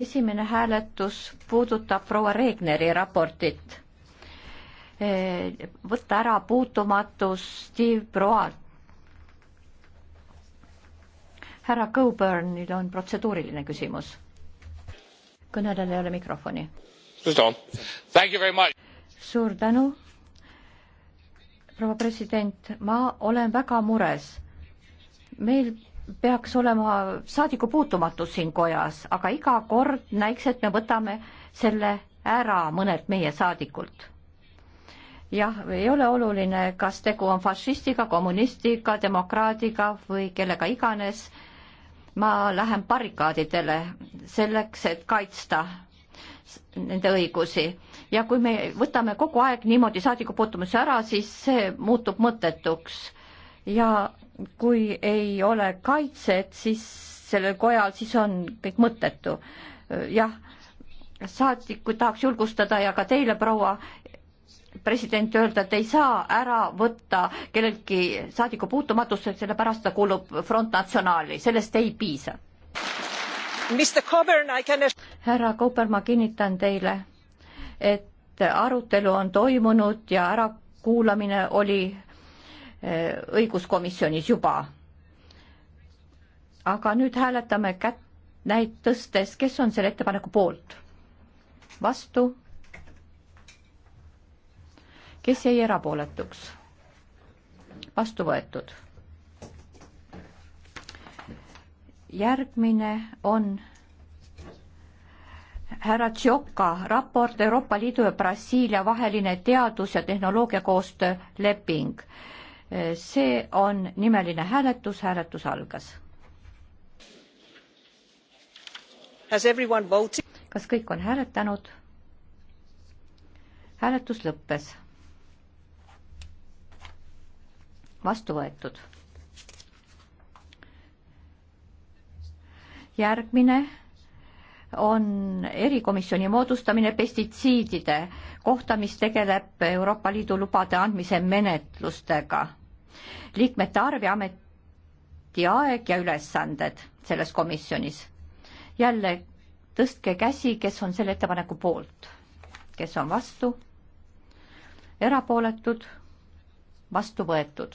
esimene hääletus puudutab proua Regneri raportit. E, võtta ära puutumatus Steve Proalt. härra Coburnil on protseduuriline küsimus. kõnelejal ei ole mikrofoni. suur tänu. proua president, ma olen väga mures. meil peaks olema saadikupuutumatus siin kojas, aga iga kord näiks, et me võtame selle ära mõnelt meie saadikult. jah, ei ole oluline, kas tegu on fašistiga, kommunistiga, demokraadiga või kellega iganes. ma lähen barrikaadidele selleks, et kaitsta nende õigusi ja kui me võtame kogu aeg niimoodi saadikupuutumatuse ära, siis see muutub mõttetuks ja kui ei ole kaitset, siis sellel kojal, siis on kõik mõttetu. jah, saadikud tahaks julgustada ja ka teile, proua president, öelda, et ei saa ära võtta kelleltki saadiku puutumatust, sellepärast ta kuulub Front Nationali, sellest ei piisa. härra Kober, ma kinnitan teile, et arutelu on toimunud ja ärakuulamine oli Äh, õiguskomisjonis juba. aga nüüd hääletame kätt näid tõstes, kes on selle ettepaneku poolt? vastu? kes jäi erapooletuks? vastu võetud. järgmine on härra Tšoka raport Euroopa Liidu ja Brasiilia vaheline teadus- ja tehnoloogiakoostöö leping see on nimeline hääletus, hääletus algas. kas kõik on hääletanud? hääletus lõppes. vastu võetud. järgmine on erikomisjoni moodustamine pestitsiidide kohta, mis tegeleb Euroopa Liidu lubade andmise menetlustega liikmete arv ja ametiaeg ja ülesanded selles komisjonis. jälle tõstke käsi, kes on selle ettepaneku poolt, kes on vastu, erapooletud, vastu võetud.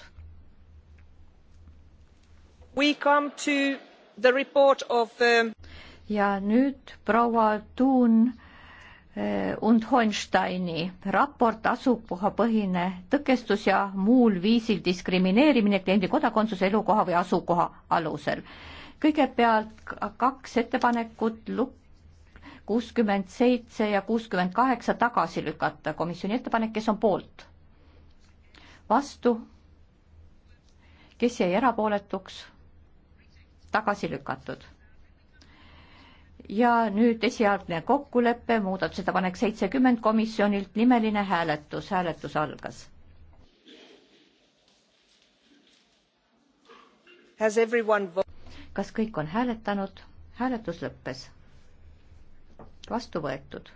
We come to the report of the... Um, ja nüüd proua Tuun Äh, und Hohensteini raport asukohapõhine tõkestus ja muul viisil diskrimineerimine kliendi kodakondsuse, elukoha või asukoha alusel. kõigepealt kaks ettepanekut kuuskümmend seitse ja kuuskümmend kaheksa tagasi lükata, komisjoni ettepanek, kes on poolt? vastu? kes jäi erapooletuks? tagasi lükatud ja nüüd esialgne kokkulepe, muudatusettepanek seitsekümmend komisjonilt, nimeline hääletus, hääletus algas. kas kõik on hääletanud? hääletus lõppes. vastu võetud.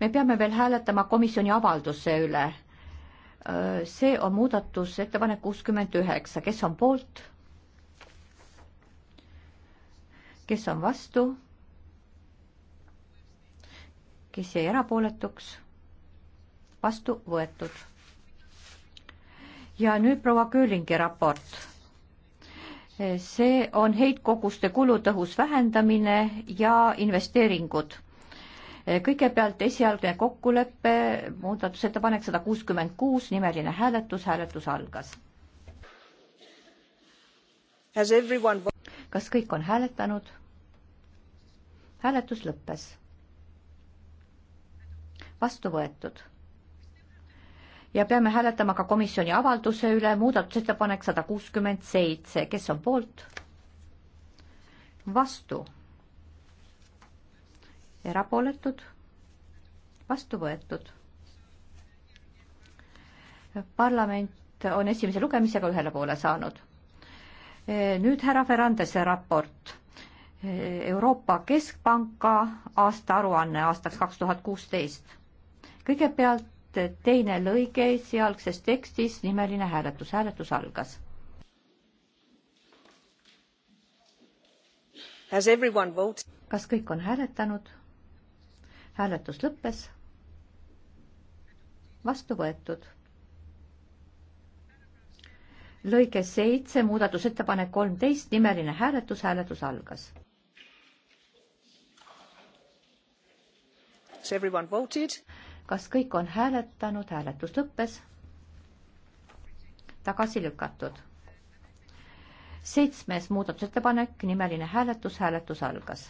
me peame veel hääletama komisjoni avalduse üle. see on muudatusettepanek kuuskümmend üheksa, kes on poolt? kes on vastu, kes jäi erapooletuks, vastu võetud. ja nüüd proua Köölingi raport. see on heitkoguste kulutõhus vähendamine ja investeeringud kõigepealt esialgne kokkulepe, muudatusettepanek sada kuuskümmend kuus, nimeline hääletus, hääletus algas. kas kõik on hääletanud? hääletus lõppes. vastu võetud. ja peame hääletama ka komisjoni avalduse üle, muudatusettepanek sada kuuskümmend seitse, kes on poolt? vastu. erapooletud? vastu võetud. parlament on esimese lugemisega ühele poole saanud. nüüd härra Ferrandese raport Euroopa Keskpanka aastaaruanne aastaks kaks tuhat kuusteist. kõigepealt teine lõige sealses tekstis, nimeline hääletus, hääletus algas. kas kõik on hääletanud? hääletus lõppes. vastu võetud. lõige seitse, muudatusettepanek kolmteist, nimeline hääletus, hääletus algas kas kõik on hääletanud, hääletus lõppes? tagasi lükatud. seitsmes muudatusettepanek, nimeline hääletus, hääletus algas.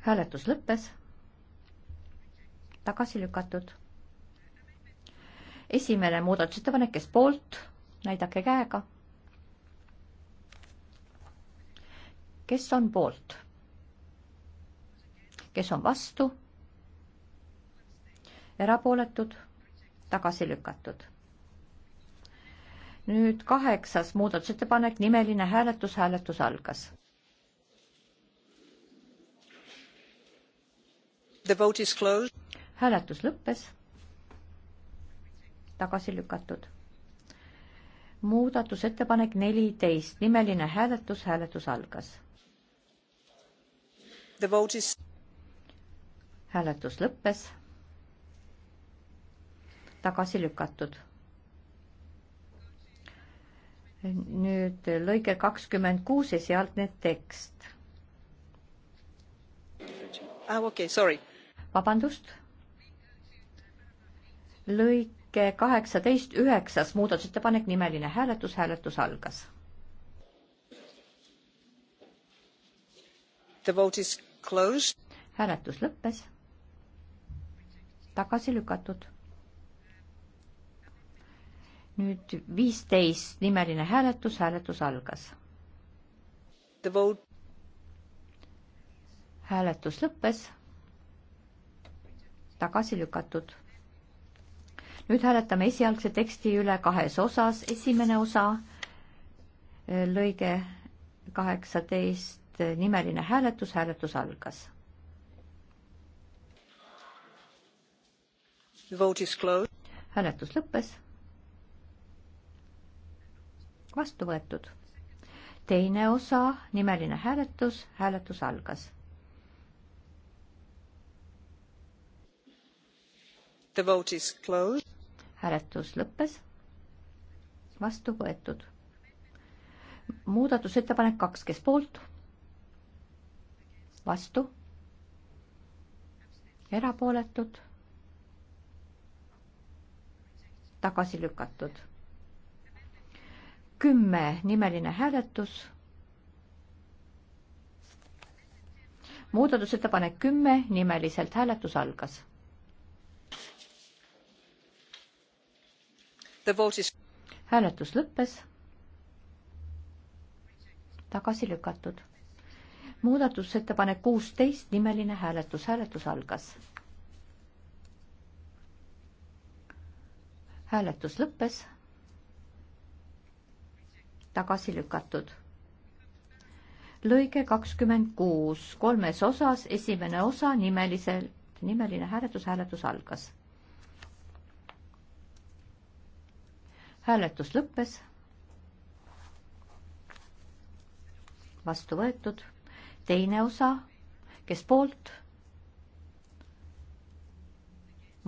hääletus lõppes. tagasi lükatud. esimene muudatusettepanek, kes poolt, näidake käega kes on poolt? kes on vastu? erapooletud, tagasi lükatud. nüüd kaheksas muudatusettepanek, nimeline hääletus, hääletus algas. hääletus lõppes, tagasi lükatud. muudatusettepanek neliteist, nimeline hääletus, hääletus algas Is... hääletus lõppes. tagasi lükatud. nüüd lõige kakskümmend kuus, esialgne tekst. Ah, okay, sorry. vabandust. lõike kaheksateist, üheksas muudatusettepanek, nimeline hääletus, hääletus algas. The vote is hääletus lõppes. tagasi lükatud. nüüd viisteist nimeline hääletus, hääletus algas. hääletus lõppes. tagasi lükatud. nüüd hääletame esialgse teksti üle kahes osas, esimene osa lõige kaheksateist nüüd eh, nimeline hääletus, hääletus algas. hääletus lõppes. vastu võetud. teine osa, nimeline hääletus, hääletus algas. hääletus lõppes. vastu võetud muudatusettepanek kaks, kes poolt, vastu, erapooletud, tagasi lükatud. kümme nimeline hääletus. muudatusettepanek kümme nimeliselt hääletus algas. Is... hääletus lõppes. tagasi lükatud muudatusettepanek kuusteist, nimeline hääletus, hääletus algas. hääletus lõppes. tagasi lükatud. lõige kakskümmend kuus, kolmes osas, esimene osa nimeliselt, nimeline hääletus, hääletus algas. hääletus lõppes. vastu võetud teine osa, kes poolt,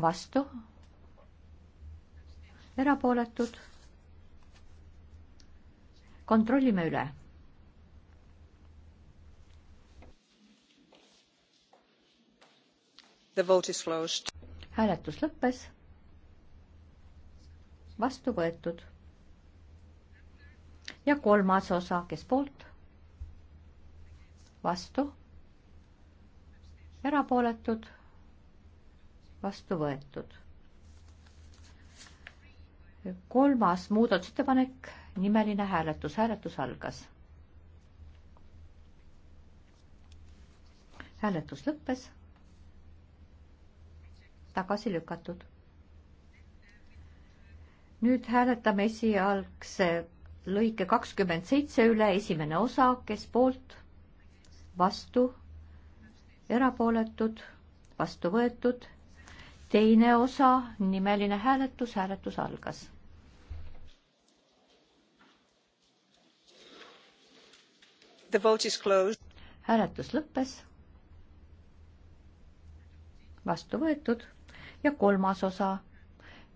vastu, erapooletud. kontrollime üle. hääletus lõppes. vastu võetud. ja kolmas osa, kes poolt vastu, erapooletud, vastu võetud. kolmas muudatusettepanek, nimeline hääletus, hääletus algas. hääletus lõppes, tagasi lükatud. nüüd hääletame esialgse lõike kakskümmend seitse üle, esimene osa, kes poolt vastu, erapooletud, vastu võetud. teine osa, nimeline hääletus, hääletus algas. hääletus lõppes. vastu võetud ja kolmas osa.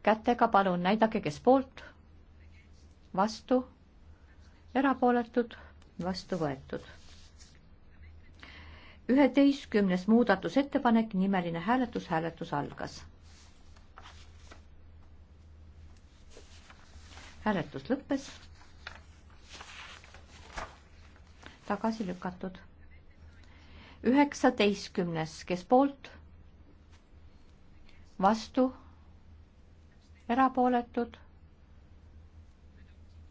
kätega palun näidake, kes poolt, vastu, erapooletud, vastu võetud üheteistkümnes muudatusettepanek, nimeline hääletus, hääletus algas. hääletus lõppes. tagasi lükatud. üheksateistkümnes, kes poolt? vastu? erapooletud?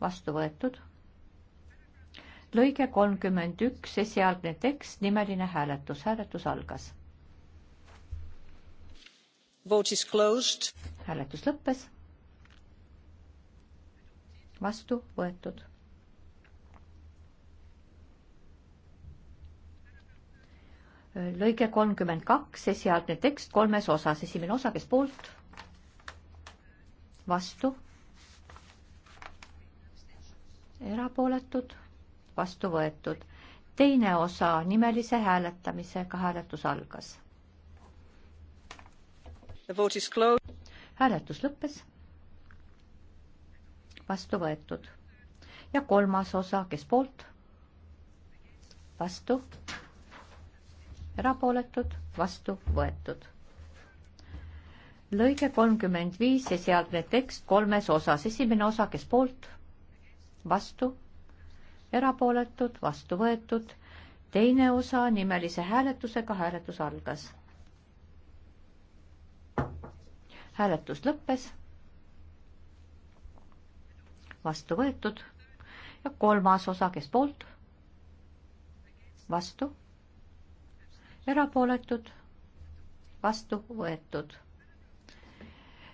vastu võetud lõige kolmkümmend üks, esialgne tekst, nimeline hääletus, hääletus algas. hääletus lõppes. vastu võetud. lõige kolmkümmend kaks, esialgne tekst kolmes osas, esimene osa, kes poolt, vastu, erapooletud vastu võetud. teine osa nimelise hääletamisega hääletus algas. hääletus lõppes. vastu võetud. ja kolmas osa, kes poolt? vastu. erapooletud, vastu võetud lõige kolmkümmend viis ja sealt tekst kolmes osas. esimene osa, kes poolt, vastu, erapooletud, vastu võetud. teine osa nimelise hääletusega, hääletus algas. hääletus lõppes. vastu võetud ja kolmas osa, kes poolt? vastu, erapooletud, vastu võetud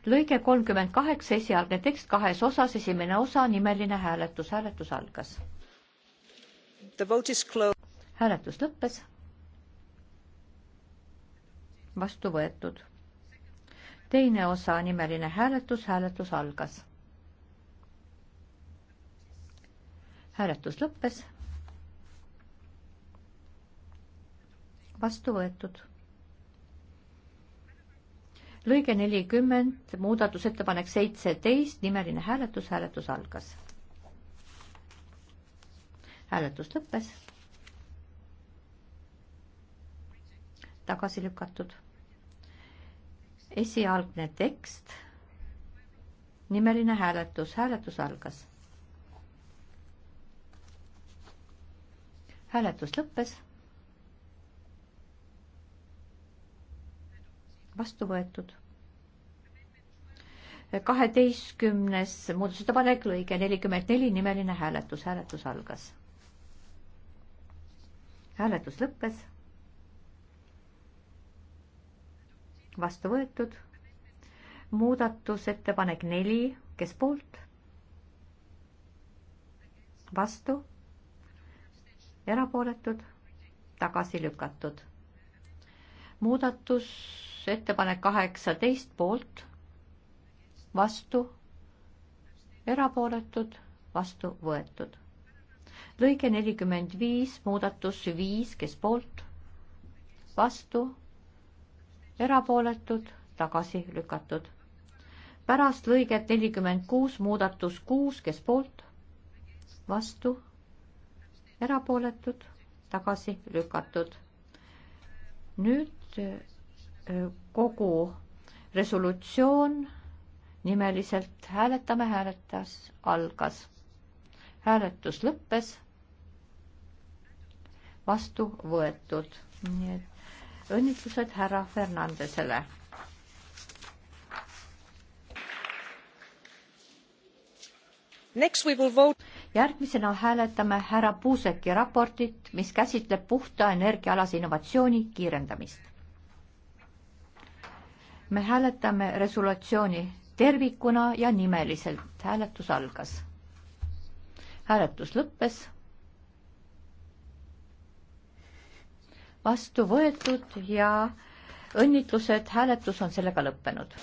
lõige kolmkümmend kaheksa, esialgne tekst kahes osas, esimene osa, nimeline hääletus, hääletus algas hääletus lõppes. vastu võetud. teine osa nimeline hääletus, hääletus algas. hääletus lõppes. vastu võetud lõige nelikümmend, muudatusettepanek seitseteist, nimeline hääletus, hääletus algas hääletus lõppes. tagasi lükatud. esialgne tekst, nimeline hääletus, hääletus algas. hääletus lõppes. vastu võetud kaheteistkümnes muudatusettepanek, lõige nelikümmend neli, nimeline hääletus, hääletus algas hääletus lõppes. vastu võetud. muudatusettepanek neli, kes poolt? vastu? erapooletud? tagasi lükatud. muudatusettepanek kaheksateist poolt, vastu, erapooletud, vastu võetud lõige nelikümmend viis, muudatus viis, kes poolt, vastu, erapooletud, tagasi lükatud. pärast lõiget nelikümmend kuus, muudatus kuus, kes poolt, vastu, erapooletud, tagasi lükatud. nüüd äh, kogu resolutsioon nimeliselt hääletame, hääletas, algas. hääletus lõppes vastu võetud. nii et õnnitlused härra Fernandesele. järgmisena hääletame härra Puuseki raportit, mis käsitleb puhta energiaalase innovatsiooni kiirendamist. me hääletame resolutsiooni tervikuna ja nimeliselt. hääletus algas. hääletus lõppes vastu võetud ja õnnitlused, hääletus on sellega lõppenud.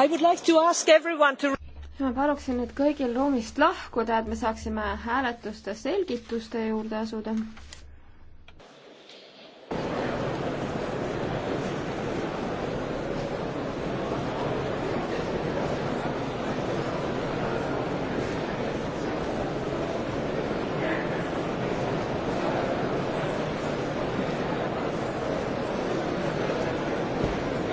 Like to... ma paluksin nüüd kõigil ruumist lahkuda, et me saaksime hääletuste selgituste juurde asuda.